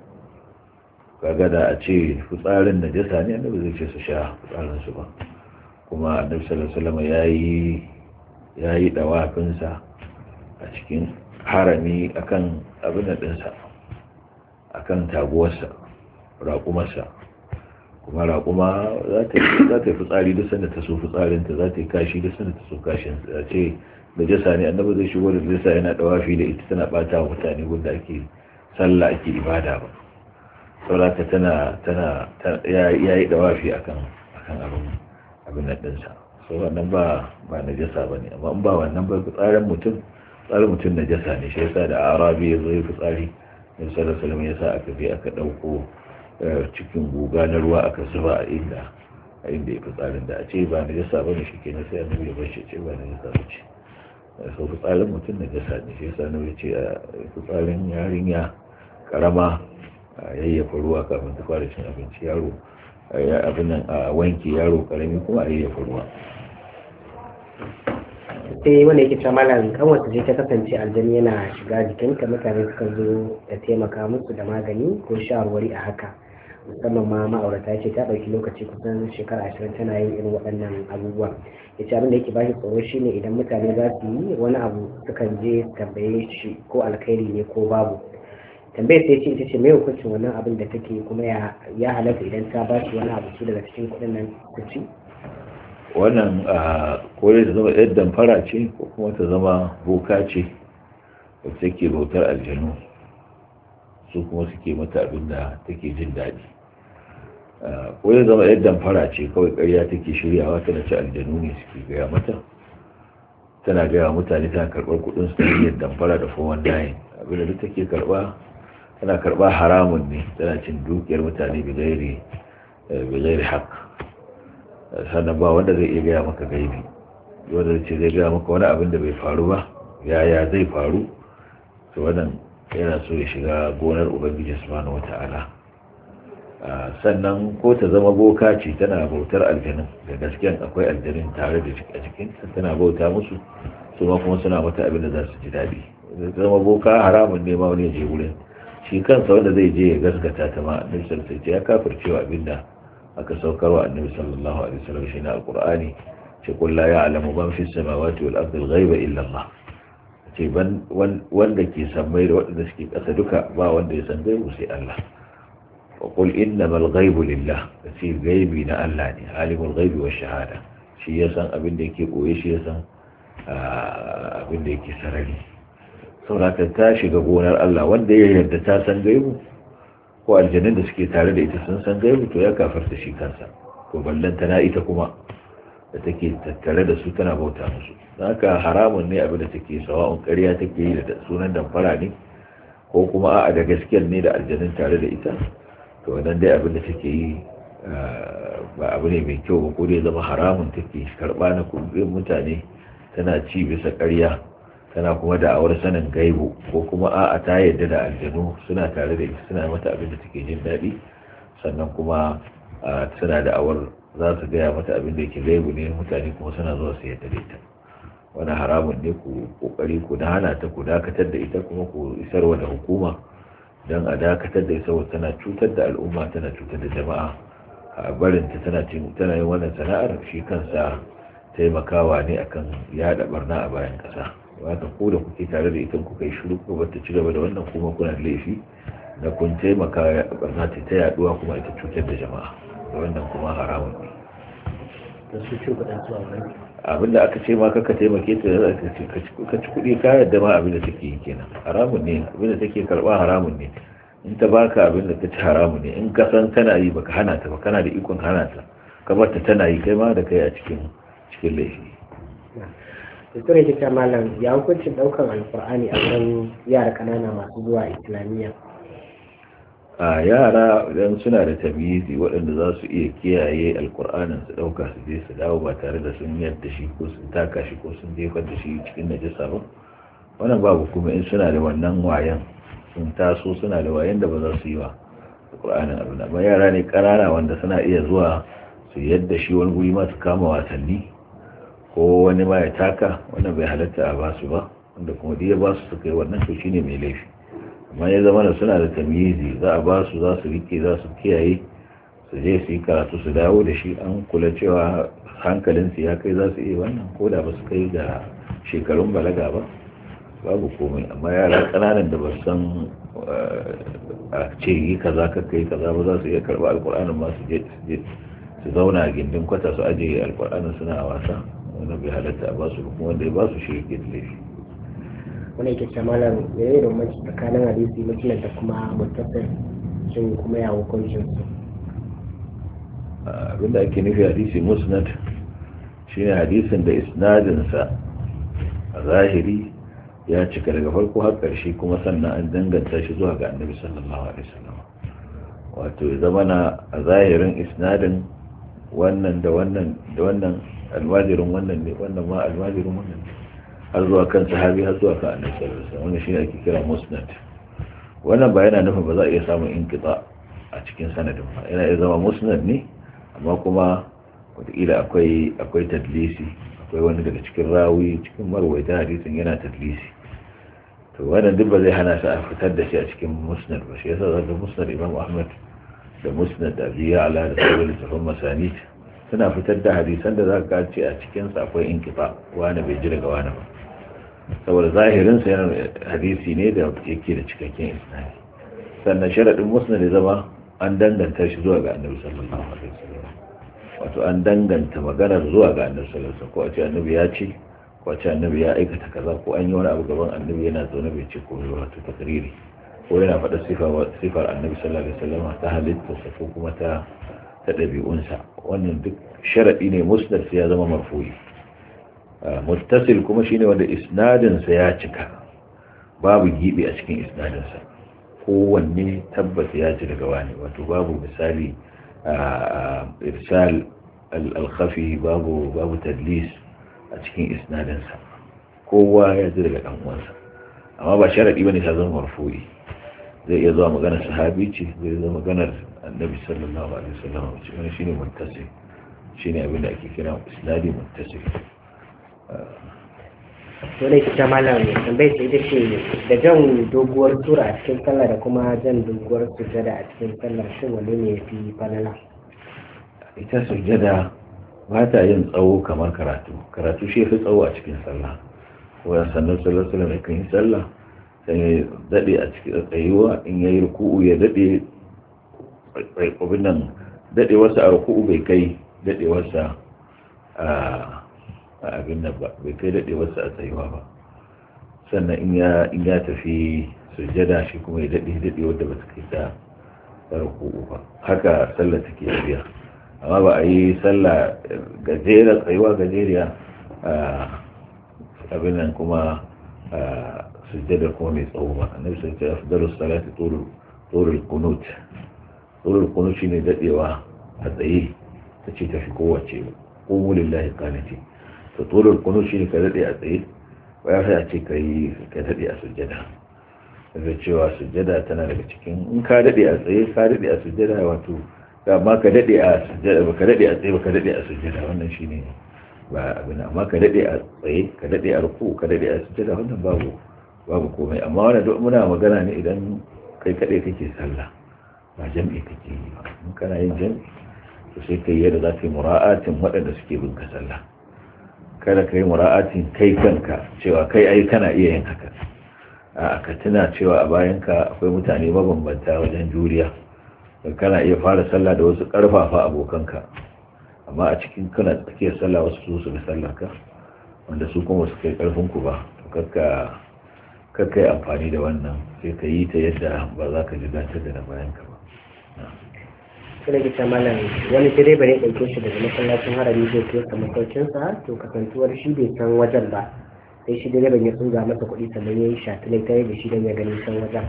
kaga da a ce fitsarin jasa ne ba zai ce su sha fitsarinsu ba kuma annabi sallallahu alaihi ya yi dawafinsa a cikin harami kan abin da a kan taguwarsa raƙumarsa kuma raƙuma za ta yi fitsari da sanda ta so fitsarinta za ta yi kashi da sanda ta so kashin a ce da jasa ne annaba zai shigo da jasa yana dawafi da ita tana ɓata wa mutane wanda ake sallah ake ibada ba saurata tana tana ya yi dawafi akan akan abin abin nan wannan ba na najasa ba ne amma in ba wannan ba tsarin mutum tsari mutum na jasa ne shi yasa da arabi ya zo fi tsari in salasalam ya sa aka biya aka ɗauko eh, cikin guga na ruwa aka zuba a inda a inda ya fi tsarin da a ce ba na jasa ba ne shi ke nasa yanzu ya bashi ce ba na jasa ba ce eh, sau fi tsarin mutum na jasa ne shi yasa na wuce a eh, fi tsarin yarinya karama a yayyafa ruwa kafin ta fara cin abinci yaro abin nan a wanke yaro karami kuma a yayyafa ruwa sai eh, wanda yake cewa malam kan ta je ta kasance aljani yana shiga jikin jikinta mutane suka zo da taimaka musu da magani ko shawarwari a haka musamman ma ma'aurata ce ta ɗauki lokaci kusan shekara ashirin tana yin irin waɗannan abubuwa ya ce abin da yake bashi tsoro shine idan mutane za su yi wani abu sukan je tambaye shi ko alkhairi ne ko babu tambayar sai ce ita ce mai hukuncin wannan abin da take kuma ya halatta idan ta ba shi wani abu su daga cikin kuɗin nan kuci wannan kore ta zama yadda damfara ce ko kuma ta zama boka ce wacce ke bautar aljanu su kuma suke mata abin da take jin daɗi ko ya zama yadda damfara ce kawai ƙarya take shiryawa tana ci aljanu ne suke gaya mata tana gaya mutane tana karɓar kuɗin su ta damfara da foman dayin abin da take karɓa tana karɓa haramun ne tana cin dukiyar mutane bi eh, bigairi haka sannan ba wanda zai iya gaya maka gaibi wanda ce zai gaya maka wani abin da bai faru ba yaya zai faru to wannan yana so ya shiga gonar ubangiji subhanahu wata'ala sannan ko ta zama boka ce tana bautar aljanin da gaskiyan akwai aljanin tare da a cikin tana bauta musu su ma kuma suna mata abin da za su ji daɗi zama boka haramun ne ma wani ya je wurin shi kansa wanda zai je ya gaskata ta ma annabi sai ya kafircewa abin da aka saukar wa annabi sallallahu alaihi wasallam shi ne alqur'ani ce qul la ya'lamu man fis samawati wal ardi al-ghaiba illa Allah ce ban wanda ke sammai da wanda suke kasa duka ba wanda ya san gaibu sai Allah wa qul innamal ghaibu lillah ce gaibi na Allah ne alimul ghaibi wash shahada shi ya san abin da yake koye shi ya san abin da yake sarari saboda ta shiga gonar Allah wanda ya yarda ta san gaibu ko aljanun da suke tare da ita sun san gaibu to ya kafarta shi kansa ko tana tana ita kuma da take tattare da su tana bauta musu haka haramun ne abin da take sawa'un ƙarya take yi da sunan damfara ne ko kuma a'a da gaskiyar ne da aljanun tare da ita to wannan dai abin da take yi ah, ba abu ne mai kyau ba ko dai zama haramun take karɓa na kudin mutane tana ci bisa ƙarya tana kuma da'awar sanin gaibu ko kuma a'a ta yadda da aljanu suna tare da ita suna mata abin da take jin daɗi sannan kuma suna da'awar za su gaya mata abin da yake gaibu ne mutane kuma suna zuwa su yadda da ita wani haramun ne ku kokari ku na hana ta ku dakatar da ita kuma ku isarwa da hukuma don a dakatar da ita tana cutar da al'umma tana cutar da jama'a a ta tana tana yin wannan sana'ar shi kansa taimakawa ne akan yada barna a bayan kasa haka ko da kuke tare da ita kuka yi shiru ko ta ci gaba da wannan kuma kuna da laifi da kun taimaka barna ta ta yaduwa kuma ita cutar da jama'a da wannan kuma haramun ne abin da aka ce ma ka taimake ta da ka ci kuɗi ka yadda ma abin da take yi kenan haramun ne abin da take karɓa haramun ne in ta baka abin da ta ci haramun ne in ka san kana yi baka hana ta ba kana da ikon hana ta ka ta tana yi kai ma da kai a cikin cikin laifi da tura ta malam ya hukuncin daukan alkur'ani a wurin yara kanana masu zuwa islamiyya a yara idan suna da tamizi waɗanda za su iya kiyaye alkur'anin su ɗauka su je su dawo ba tare da sun yadda shi ko sun taka shi ko sun jefar da shi cikin najasa ba wannan babu kuma in suna da wannan wayan sun taso suna da wayan da ba za su yi ba alkur'anin abu na ba yara ne ƙanana wanda suna iya zuwa su yadda shi wani guri masu kama wasanni ko wani ma ya taka wannan bai halatta a basu ba wanda kuma ya basu suka yi wannan to shine mai laifi amma ya zama da suna da tamyizi za a basu za su rike za su kiyaye su je su yi karatu su dawo da shi an kula cewa hankalinsu ya kai za su iya wannan ko da ba su kai ga shekarun balaga ba babu komai amma yara kananan da ba san eh, a ce yi kaza ka kai kaza ba za su iya karba alkur'anin ma su je su zauna a gindin kwata su ajiye alkur'anin suna wasa wani bai halatta a basu kuma wanda ya basu shi yake da laifi wani yake ce malam ya yi da mace tsakanin hadisi mutuna da kuma mutasar shin kuma ya hukuncin su abinda ake nufi hadisi musnad ne hadisin da isnadinsa a zahiri ya cika daga farko har ƙarshe kuma sannan an danganta shi zuwa ga annabi sallallahu alaihi wasallam wato ya zama na a zahirin isnadin wannan da wannan da wannan almajirin wannan ne wannan ma almajirin wannan ne har zuwa kan sahabi har zuwa kan annabi sallallahu alaihi wannan shine ake kira musnad wannan ba yana nufin ba za a iya samun inqita a cikin sanadin ba yana iya zama musnad ne amma kuma wataƙila akwai akwai tadlisi akwai wani daga cikin rawi cikin marwaita hadisin yana tadlisi to wannan duk ba zai hana sa a fitar da shi a cikin musnad ba shi yasa zaka musnad imam ahmad da musnad abi ala da sauran littafin masanid suna fitar da hadisan da za ka ce a cikin akwai kifa wani bai ji daga wani ba saboda zahirin sa yana hadisi ne da yake da cikakken isnadi sannan sharadin musnad ya zama an danganta shi zuwa ga annabi sallallahu alaihi wasallam wato an danganta maganar zuwa ga annabi sallallahu alaihi wasallam ko a ce annabi ya ce ko a ce annabi ya aikata kaza ko an yi wani abu gaban annabi yana zaune bai ce ko to takriri ko yana faɗa sifar annabi sallallahu alaihi wasallam ta halitta ko kuma ta da ɗabi'unsa wannan duk sharaɗi ne musnad ya zama marfu'i ah, muttasil kuma shine wanda isnadinsa ya cika babu gibi a cikin isnadinsa kowanne tabbata ya ci daga wani wato babu misali ah, ah, irsal al-khafi babu babu tadlis a cikin isnadinsa kowa ya ji daga ɗan uwansa amma ba ba bane ta zama marfu'i zai iya zuwa maganar sahabi ce zai zama maganar annabi sallallahu alaihi wasallam ce wani shine muttasi shine abin da ake kira isnadi muttasi to ne ta malam ne bai sai da ce da jan doguwar tura a cikin sallah da kuma jan doguwar sujada a cikin sallah shin wani ne fi falala ita sujada ba ta yin tsawo kamar karatu karatu shi fi tsawo a cikin sallah ya sannan sallallahu alaihi wasallam kan yi sallah sai daɗe a cikin tsayuwa in yayi ruku'u ya daɗe abin nan daɗewarsa a ruku'u bai kai daɗewarsa a abin nan ba bai kai daɗewarsa a tsayuwa ba sannan in ya tafi sujjada shi kuma ya daɗe daɗe wadda ba su kai ta ruku'u ba haka sallah take tafiya amma ba a yi sallah gajera tsayuwa gajeriya abin nan kuma sujjada kuma mai tsawo ba annabi sallallahu fi darussa salatu tulul tulul kunut. ulul kunu shi ne dadewa a tsaye ta ce tafi kowace qumu lillahi qanati Ta ulul kunu shi ne ka dade a tsaye ba ya sai a ce kai ka dade a sujjada da cewa sujada tana daga cikin in ka dade a tsaye ka dade a sujjada wato amma ka dade a sujada. ba ka dade a tsaye ba ka dade a sujada. wannan shi shine ba abin amma ka dade a tsaye ka dade a ruku ka dade a sujada. wannan babu babu komai amma wannan duk muna magana ne idan kai kaɗai kake sallah ba jam'i kake yi ba in kana yin jam'i to sai kai yadda za ka yi mura'atin waɗanda suke bin ka sallah kada ka yi mura'atin kai kanka cewa kai ai kana iya yin haka a ka tuna cewa a bayan ka akwai mutane mabambanta wajen juriya kana iya fara sallah da wasu ƙarfafa abokanka amma a cikin kana tsakiyar sallah wasu su su sallah ka wanda su kuma su kai ƙarfin ku ba to kakka kakka amfani da wannan sai ka yi ta yadda ba za ka ji dace da bayanka suna gita malam wani sai dai bane ɗauke shi daga masallacin harami zai kai sa to kasantuwar shi bai san wajen ba sai shi dai ban ya tsunga masa kuɗi sannan ya yi shatilai tare da shi don ya gani san wajen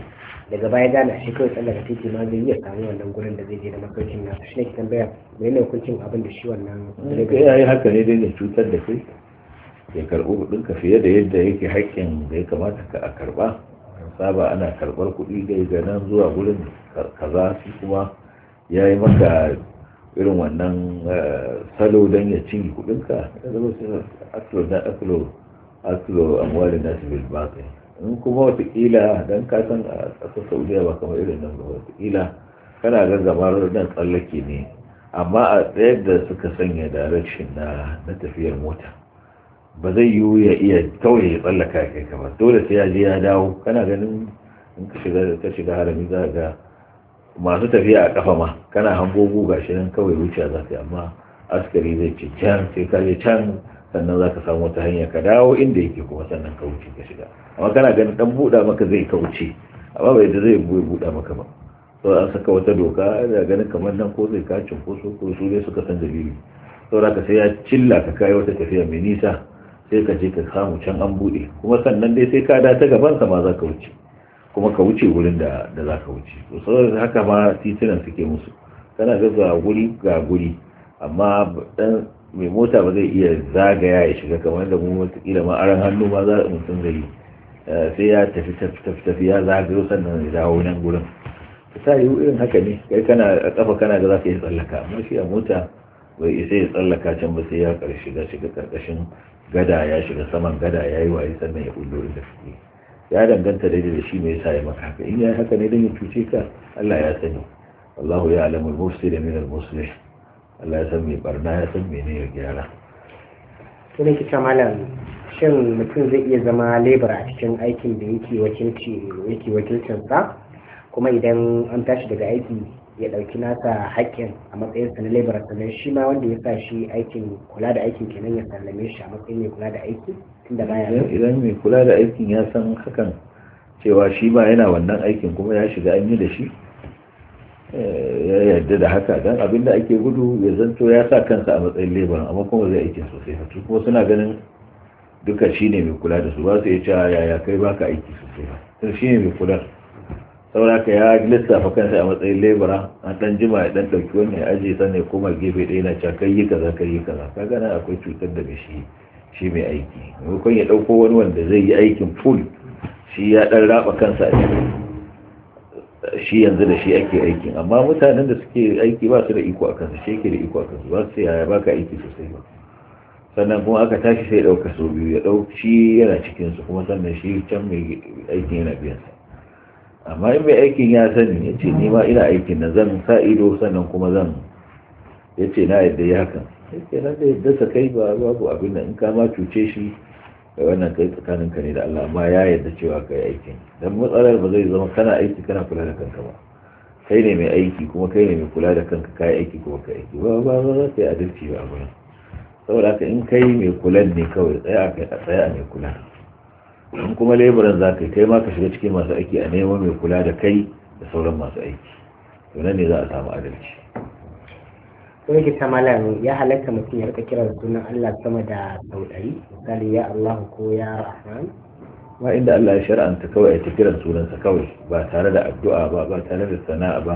daga baya gana shi kawai da titi ma zai iya samu wannan gurin da zai je da masaukin na shi ne kitan bayan mai ne hukuncin abin da shi wannan ya yi haka ne dai cutar da kai ya karɓi ka fiye da yadda yake haƙƙin da ya kamata ka a karɓa saba ana karɓar kuɗi daga nan zuwa gurin kaza su kuma ya yi maka irin wannan eh, salo don ya cin kudinka ya zama su aklo na aklo aklo amwali na su bil baƙi in kuma watakila don ka san a ƙasar saudiya ba kamar irin nan ba watakila kana gan gabar don tsallake ne amma a tsayar da suka sanya direction na na tafiyar mota ba zai yiwu ya iya kawai ya tsallaka kai kamar dole sai ya je ya dawo kana ganin in ka shiga harami za ga masu tafiya a kafa ma kana hango guga shi nan kawai wuce za ka amma askari zai ce can sai ka je can sannan za ka samu wata hanya ka dawo inda yake kuma sannan ka wuce ka shiga amma kana ganin dan buɗa maka zai ka wuce amma bai da zai buɗa maka ba to an saka wata doka da ganin kamar nan ko zai kacin ko su ko su dai suka san dalili da ka sai ya cilla ka kai wata tafiya mai nisa sai ka je ka samu can an buɗe kuma sannan dai sai ka da ta gaban sa ma za ka wuce kuma ka wuce wurin da da zaka wuce to saboda haka ma titunan suke musu kana ga guri ga guri amma dan mai mota ba zai iya zagaya ya shiga kamar da mu kila ma aran hannu ma za mu zai gari eh, sai ya tafi tafi tafi ya zagayo sannan ya dawo nan gurin ta yiwu irin haka ne kai kana a kafa kana ga za yi tsallaka amma shi a mota bai isa ya tsallaka can ba sai ya shiga shiga karkashin gada ya shiga saman gada ya yi waye sannan ya bullo inda suke ya danganta da da shi mai yasa ya maka haka in ya haka ne dan ya cuce ka Allah ya sani Allahu ya alamu al-mufsid min Allah ya san mai barna ya san mene ya gyara to ne kita malam shin mutum zai iya zama lebur a cikin aikin da yake wakilci yake wakilcin sa kuma idan an tashi daga aiki ya ɗauki nasa haƙƙin a matsayin sa na labar sannan shi ma wanda ya sa shi aikin kula da aikin kenan ya sallame shi a matsayin mai kula da aiki tunda baya idan mai kula da aikin ya san hakan cewa shi ma yana wannan aikin kuma ya shiga an yi da shi eh, ya yarda da haka don abin da ake gudu ya zanto ya sa kansa a matsayin labarin amma kuma zai aikin sosai hatu kuma suna ganin duka shine mai kula da su ba su iya cewa yaya kai baka aiki sosai ba shi ne mai kula sauraka ya lissafa kansa a matsayin lebura a dan jima ya dan dauki wani ya aje sannan kuma koma gefe ɗaya na cewa kai yi kaza kai yi kaza akwai cutar da shi shi mai aiki maimakon ya dauko wani wanda zai yi aikin full shi ya dan raba kansa a cikin shi yanzu da shi ake aikin amma mutanen da suke aiki ba su da iko a kansu shi ke da iko a kansu ba su yaya ba ka aiki sosai ba sannan kuma aka tashi sai ya ɗauka sau biyu ya ɗauki shi yana cikinsu kuma sannan shi can mai aikin yana biyansa amma in mai aikin ya sani ya ce nima ina aikin na zan sa ido sannan kuma zan ya ce na yadda ya haka ya nan da yadda sa kai ba babu abin da in ka ma cuce shi ga wannan kai tsakanin ka ne da Allah amma ya yadda cewa ka yi aikin dan matsalar ba zai zama kana aiki kana kula da kanka ba kai ne mai aiki kuma kai ne mai kula da kanka ka aiki kuma ka aiki ba ba ba za ka yi adalci ba a saboda haka in kai mai kulan ne kawai tsaya a tsaya mai kula kuma leburan za ka yi kai ma ka shiga cikin masu aiki a neman mai kula da kai da sauran masu aiki to ne za a samu adalci to yake ta malam ya halatta mutum ya rika kiran sunan Allah sama da sau ɗari misali ya Allah ko ya Rahman ma inda Allah ya shar'anta kawai ya ta kiran sunansa kawai ba tare da addu'a ba ba tare da sana'a ba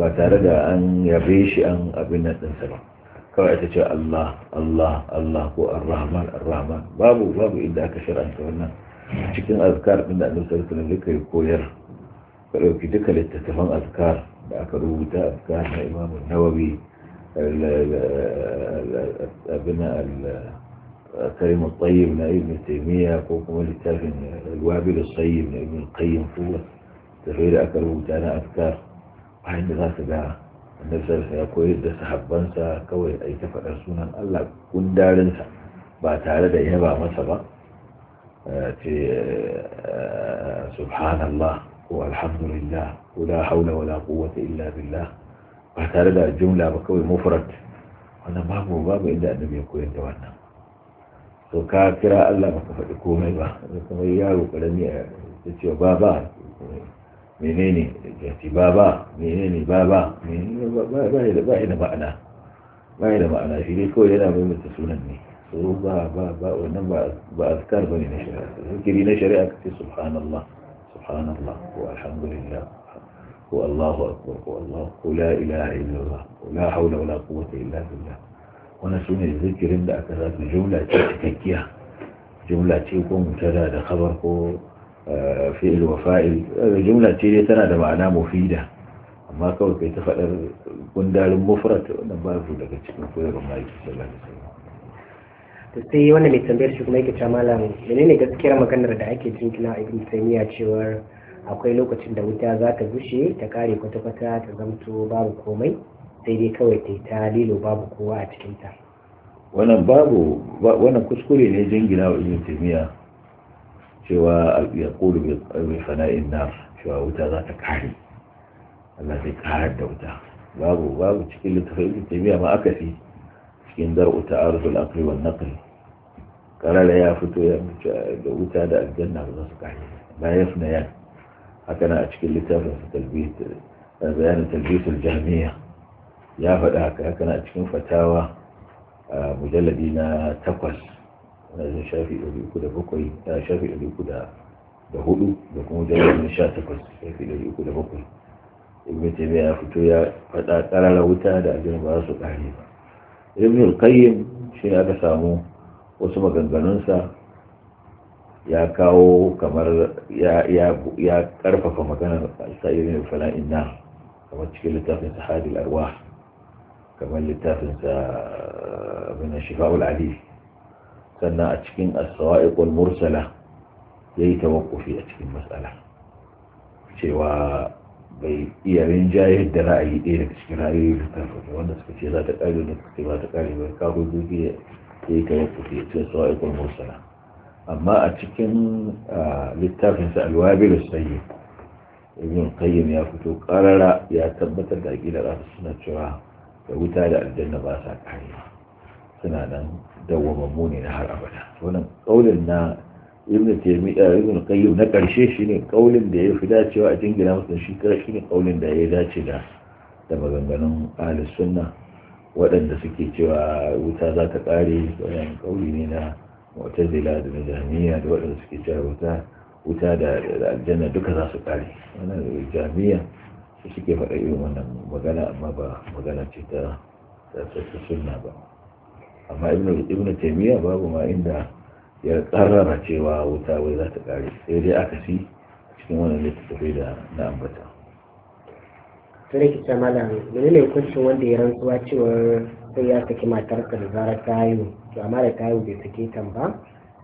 ba tare da an yabe shi an abin nan ɗinsa ba kawai ta ce Allah Allah Allah ko Ar-Rahman Ar-Rahman babu babu inda aka shar'anta wannan cikin azkar ɗin da annabi sallallahu alaihi wasallam koyar ka ɗauki duka littattafan azkar da aka rubuta azkar na imam nawawi abin al-karim al-tayyib na ibn taymiya ko kuma littafin al-wabil al-tayyib na ibn qayyim fuwa tafai da aka rubuta na azkar bayan da za su ga annabi sallallahu ya koyar da sahabbansa kawai a yi ta faɗar sunan Allah gundarinsa ba tare da yaba masa ba في آه، سبحان الله والحمد لله ولا حول ولا قوة إلا بالله وحتار هذا الجملة بكوي مفرد وانا ما هو باب إلا أن يكون يدوانا وكاكرا ألا بكفر يكون ميبا وكما يياه وكلمي تتيو بابا منيني جهتي بابا منيني بابا منيني بابا ما هي لبعنا معنا ما هي لبعنا في ليكو هنا بمتسونني با با با ونبا بأذكار بني نشرة ذكري نشرة أكثر سبحان الله سبحان الله والحمد لله هو الله أكبر هو الله ولا إله إلا الله ولا حول ولا قوة إلا بالله ونسون الذكر عند أكثر جملة تكية جملة تيكون ترى خبرك آه، في الوفاء الجمله تيكون ترى معنى مفيدة أما كون كي تفعل كن دار مفرد ونبا فلقد تكون فلقد ما يتسلم to sai wanda mai tambayar shi kuma yake cewa malam menene gaskiyar maganar da ake jinkina a ibn taymiya cewar akwai lokacin da wuta za ta gushe ta kare kwata-kwata ta zamto babu komai sai dai kawai ta yi ta lilo babu kowa a cikinta wannan babu wannan kuskure ne jingina wa ibn taymiya cewa alƙulu mai fana'in na cewa wuta za ta kare Allah zai karar da wuta babu babu cikin littafin ibn taymiya ma akasi cikin zar'u ta'arudul aqli wal naqli karala ya fito ya mutu da wuta da aljanna ba za su kare la yafna ya haka na a cikin littafin talbiyat bayan talbiyatul jami'a ya fada haka haka na a cikin fatawa mujalladi na takwas na shafi ɗari uku da bakwai shafi ɗari uku da da hudu da kuma mujalladi na sha takwas shafi ɗari uku da bakwai ibn taymiya ya fito ya fada karara wuta da aljanna ba za su kai ba ibn al-qayyim shi aka samu wasu maganganunsa ya kawo kamar ya karfafa maganar alsa'irin fala'in na kamar cikin littafin sahadil arwa kamar littafin sa eh, abin shifa'ul ali sannan a cikin asawa ikon mursala yayi tawaqqufi a cikin matsala cewa bai iya rinjayar da ra'ayi ɗaya daga cikin ra'ayoyi da wanda suka ce za ta kare da suka ce ba ta ƙare ba ka hujjoji ya yi kayan kuɗi ce su a ikon mursala amma a cikin littafinsa alwabilu sayyid ibn qayyim ya fito ƙarara ya tabbatar da za su suna cewa da wuta da aljanna ba sa karewa suna nan dawwamammu ne na har abada wannan kaulin na ibn taymiya ibn qayyim na karshe shine kaulin da ya fi dacewa a jingina masa shi karshe ne kaulin da ya dace da da maganganun ahlus sunna wadanda suke cewa wuta za ta kare wannan kauli ne na mu'tazila da jami'a da wadanda suke cewa wuta wuta da aljanna duka za su kare wannan jami'a su suke faɗa irin wannan magana amma ba magana ce ta ta sunna ba amma ibn taymiya babu ma inda ya tsarrara cewa wuta wai za ta ƙare sai dai aka fi cikin wannan littattafai da na ambata sai ki ta malam mene ne hukuncin wanda ya rantsuwa cewa sai ya saki matarsa da zarar ta haihu to amma da ta haihu bai sake ta ba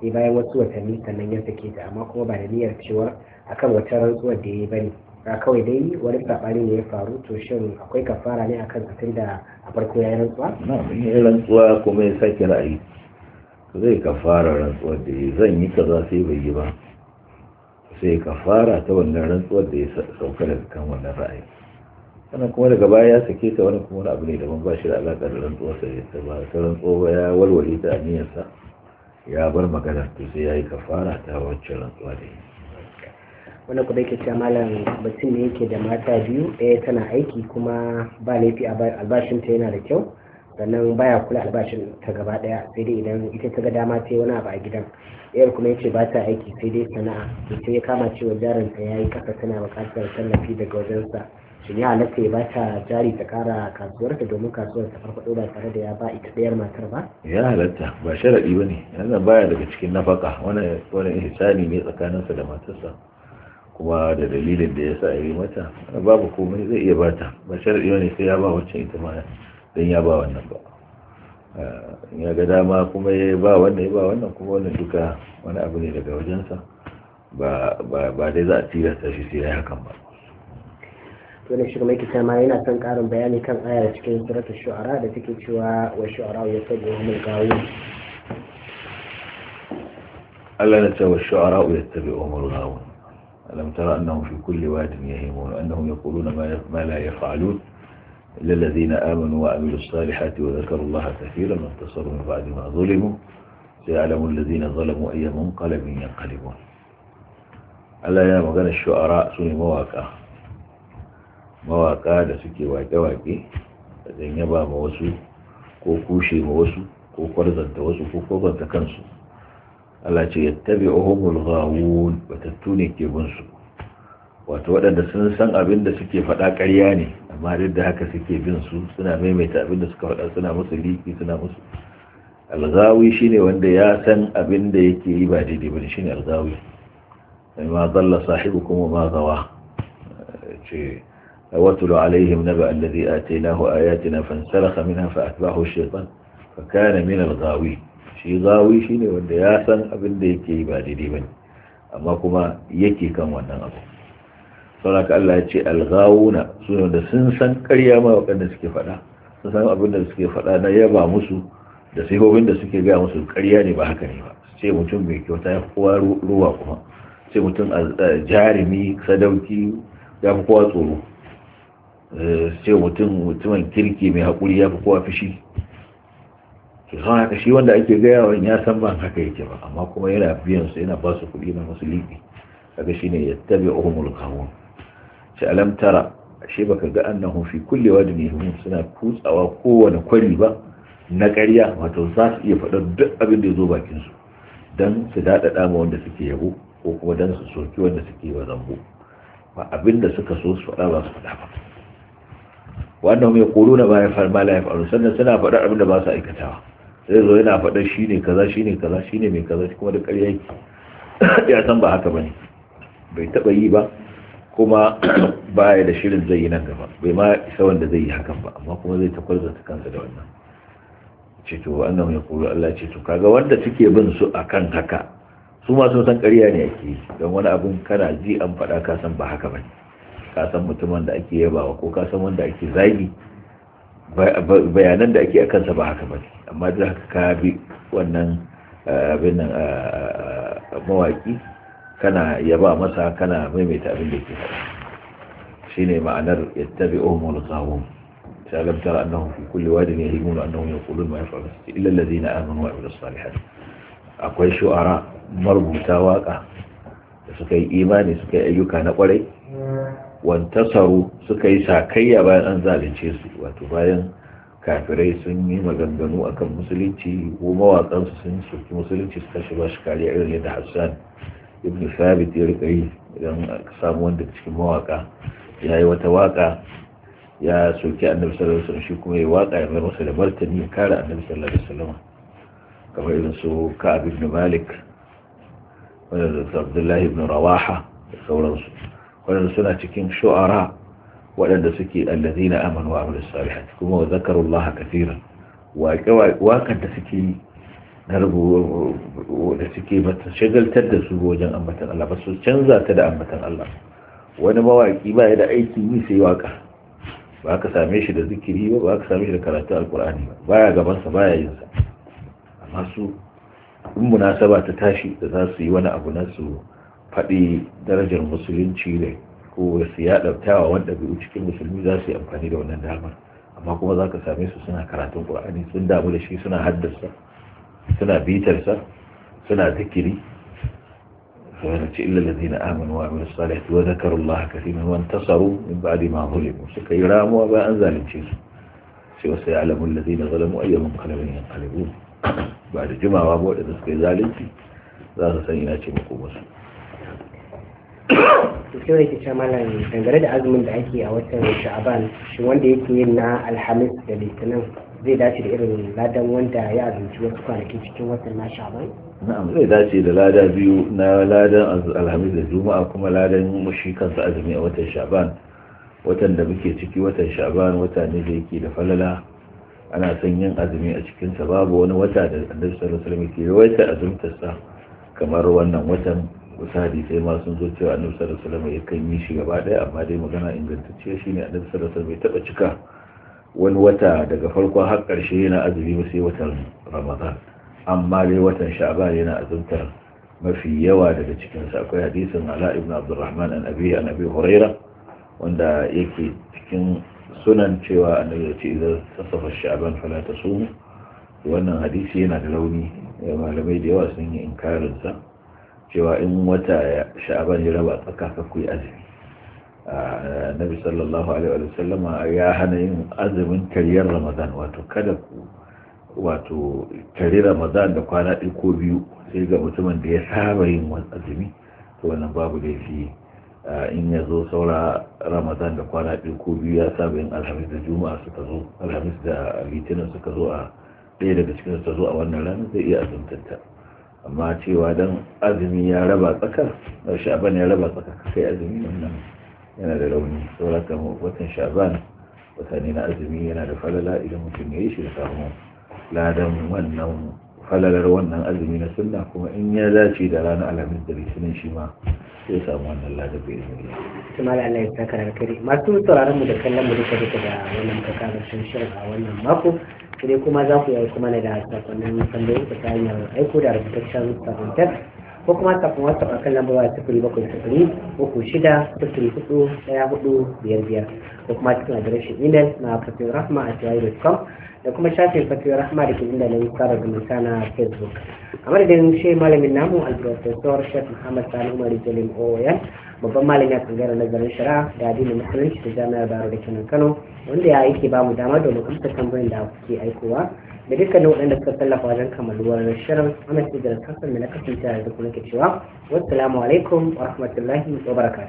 sai bayan wasu watanni sannan ya sake ta amma kuma ba da niyyar cewa akan wata rantsuwa da ya yi bane ba kawai dai wani sabani ne ya faru to shin akwai kafara ne akan tunda da a farko ya yi rantsuwa? na yi rantsuwa kuma ya sake ra'ayi zai kafara rantsuwar da ya zan yi kaza sai bai yi ba sai kafara ta wannan rantsuwar da ya sauka daga kan wannan ra'ayi sannan kuma daga baya ya sake ta wani kuma wani abu ne daban ba shi da alaƙa da rantsuwar sa ya ba ta rantsuwa ya walwale ta aniyarsa ya bar magana to sai ya yi kafara ta wancan rantsuwa da ya wani kuma yake cewa malam mutum ne yake da mata biyu ɗaya tana aiki kuma ba laifi a albashinta yana da kyau sannan baya kula albashin ta gaba daya sai dai idan ita ta ga dama sai wani abu a gidan yar kuma yace ba ta aiki sai dai sana'a to sai ya kama cewa jarin ta yayi kasa tana bukatar tallafi daga wajen wajensa shin ya halatta ya ba ta jari ta kara kasuwarta domin kasuwar ta farfado ba tare da ya ba ita ɗayar matar ba ya halatta ba sharadi bane yana baya daga cikin nafaka wani wannan ihsani ne tsakaninsa da matarsa kuma da dalilin da ya sa yi mata babu komai zai iya bata ba sharadi bane sai ya ba wacce ita ma don ya ba wannan ba ya ga dama kuma ya ba wannan ya ba wannan kuma wannan duka wani abu ne daga wajensa ba dai za a tira ta shi sai ya hakan ba wani shi kuma kita ma yana son karin bayani kan ayar cikin suratul shu'ara da take cewa wa shu'ara ya sabu humul gawo Allah na ce wa shu'ara ya sabu humul gawo alam tara annahu fi kulli wadin yahimun annahum yaquluna ma la yaf'alun إلا الذين آمنوا وعملوا الصالحات وذكروا الله كثيرا وانتصروا من بعد ما ظلموا سيعلم الذين ظلموا أي منقلب ينقلبون Allah yana magana shu'ara su ne mawaƙa. mawaka da suke waƙe-waƙe, da yaba ma wasu ko kushe ma wasu ko kwarzanta wasu ko kwarzanta kansu Allah ce yattabi'uhumul ghawun batattu ne ke bin wato waɗanda sun san abin da suke faɗa ƙarya ne amma duk da haka suke bin su suna maimaita abin da suka faɗa suna musu liki suna musu alzawi shine wanda ya san abin da yake yi ba daidai ba shine sai ma zalla sahibukum wa ma gawa ce alaihim naba allazi atainahu ayatina fansalakha minha fa فأتبعه shaytan fa kana min alzawi shi zawi ne wanda ya san abin da yake yi ba daidai ba amma kuma yake kan wannan abu saboda ka Allah ya ce alghawuna su ne da sun san ƙarya ma waɗanda suke faɗa sun san abin da suke faɗa na yaba musu da sihobin da suke gaya musu karya ne ba haka ne ba ce mutum mai kyauta ya kowa ruwa kuma ce mutum a jarumi sadauki ya fi kowa tsoro ce eh, mutum mutumin kirki mai haƙuri ya fi kowa fushi su san haka shi wanda ake gaya wa ya san ban haka yake ba amma kuma yana biyan su yana ba su kuɗi na musulmi kaga shine yattabi'uhumul qawm ce alam tara ashe baka ga annahu fi kulli wadin yahimun suna kutsawa kowane kwari ba na ƙarya wato za su iya faɗar duk abin da ya zo bakin su dan su daɗaɗa ma wanda suke yabo ko kuma dan su soki wanda suke wa zambo ba abin da suka so su faɗa ba su faɗa ba wannan mai koro na bayan farma la ya faru sannan suna faɗar abin da ba su aikatawa sai zo yana faɗar shi ne kaza shi ne kaza shi ne mai kaza kuma da ƙarya yake ya san ba haka ba ne bai taɓa yi ba kuma baya da shirin zai yi nan gaba bai ma isa wanda zai yi hakan ba amma kuma zai ta kwarzanta kansa da wannan ce to annan mai kuru Allah ce kaga wanda suke bin su akan haka su masu karya san ƙarya ne ake don wani abun kana ji an faɗa ka san ba haka ba ka san mutumin da ake yabawa ko ka san wanda ake zagi bayanan da ake a kansa ba haka ba amma da haka ka bi wannan eh, abin nan eh, eh, mawaki kana yaba masa kana maimaita abin da yake faɗa shine ma'anar yattabi'uhum al-ghawun alam tara annahum fi kulli wadin yahimun annahum yaqulun ma yaf'alun illa alladhina amanu wa amilus salihat akwai shu'ara marubuta waka da suka yi imani suka yi ayyuka na kwarai wantasaru suka yi sakayya bayan an zalunce su wato bayan kafirai sun yi maganganu akan musulunci ko mawaƙansu sun soki musulunci suka shiga shi kariya irin yadda hassan ibn sabit ya rika yi idan samu wanda cikin mawaka ya yi wata waka ya soki annabi sallallahu alaihi wasallam shi kuma ya waka ya mai masa da martani ya kare annabi sallallahu alaihi wasallam kamar irin su ka'ab ibn malik wadanda abdullahi ibn rawaha da sauransu wadanda suna cikin shu'ara waɗanda suke allazina amanu wa amilus salihat kuma wa Zakarullaha kaseeran waƙe da suke yi na da suke mata shagaltar da su wajen ambatan Allah ba su canza ta da ambatan Allah wani mawaki ba ya da aiki yi sai waka ba ka same shi da zikiri ba ba ka same shi da karatu alkur'ani ba baya gabansa baya yin sa amma su in munasaba ta tashi da za su yi wani abu na su faɗi darajar musulunci ne ko su ya ɗautawa wanda biyu cikin musulmi za su yi amfani da wannan damar amma kuma za ka same su suna karatun ƙur'ani sun damu da shi suna haddasa suna bitarsa suna zikiri kamar ce illa lazina amanu wa amanu salihati wa zakarullah kasirin wa tasaru in ba di ma zulimu suka yi ramuwa bayan an zalunce su sai wasu ya alamu lazina zalamu ayyamin kalabin ba da jimawa ba waɗanda suka yi zalunci za su san ina ce muku musu. sai wani kicin malam dangane da azumin da ake a watan sha'aban shi wanda yake yin na alhamis da litinin zai dace da irin ladan wanda ya azumci wasu kwanaki cikin watan na shaban na'am zai dace da lada biyu na ladan alhamis da juma'a kuma ladan mushi kansa azumi a watan shaban watan da muke ciki watan shaban wata ne da yake da falala ana son yin azumi a cikin sa babu wani wata da annabi sallallahu alaihi wasallam ke rawaita azumtar sa kamar wannan watan wasu hadisai ma sun zo cewa annabi sallallahu alaihi wasallam yakan yi shi gaba daya amma dai magana ingantacciya shine annabi sallallahu alaihi wasallam bai taba cika wani wata daga farko har ƙarshe yana azumi ba sai watan ramadan amma dai watan sha'ban yana azumtar mafi yawa daga cikin sa akwai hadisin ala ibn abdurrahman an abi an abi huraira wanda yake cikin sunan cewa annabi ya ce idan sasafa sha'ban fala sumu. wannan hadisi yana da launi malamai da yawa sun yi inkarin sa cewa in wata sha'ban ya raba tsaka ka kuyi azumi nabi sallallahu alaihi wa sallama ya hana yin azumin kariyar ramadan wato kada ku wato kari ramadan da kwana ɗaya ko biyu sai ga mutumin da ya saba yin azumi to wannan babu laifi in ya zo saura ramadan da kwana ɗaya ko biyu ya saba yin alhamis da juma'a suka zo alhamis da litinin suka zo a ɗaya daga cikin suka zo a wannan ranar zai iya azumtanta amma cewa dan azumi ya raba tsaka sha'aban ya raba tsaka kai azumi wannan yana da rauni sauraka watan sha'ban watanni na azumi yana da falala idan mutum ya yi shi da samu ladan wannan falalar wannan azumi na sunna kuma in ya dace da ranar alhamis da litinin shi ma sai samu wannan ladan bai izini kuma da Allah ya saka alkhairi masu sauraron mu da kallon mu duka duka da wannan muka kama shirin a wannan mako sai kuma za ku yi kuma na da sakonnin sandoyi ta hanyar aiko da rubutaccen sabon ko kuma kafin wasu kan lambar waya sifiri bakwai sifiri uku shida sifiri hudu daya hudu biyar biyar ko kuma cikin adireshin imel na fatiyar rahma a tiyayi.com da kuma shafin fatiyar rahma da ke inda na tsara zumunta na facebook a madadin shi malamin namu alprofesor shek muhammad sani umar jalim oyan babban malami a tsangaren nazarin shari'a da addinin musulunci da jami'ar baro da kenan kano wanda ya yake ba mu dama domin amsa tambayin da kuke aikowa da nau'in wanda suka tallafa wajen kammaluwar shirin ana ce da kasan da na kasance a yanzu kuma ke cewa wasu alaikum wa rahmatullahi wa